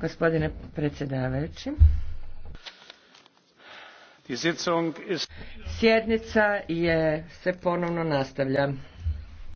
Gospodine predsjedavajući, sjednica se ponovno nastavlja.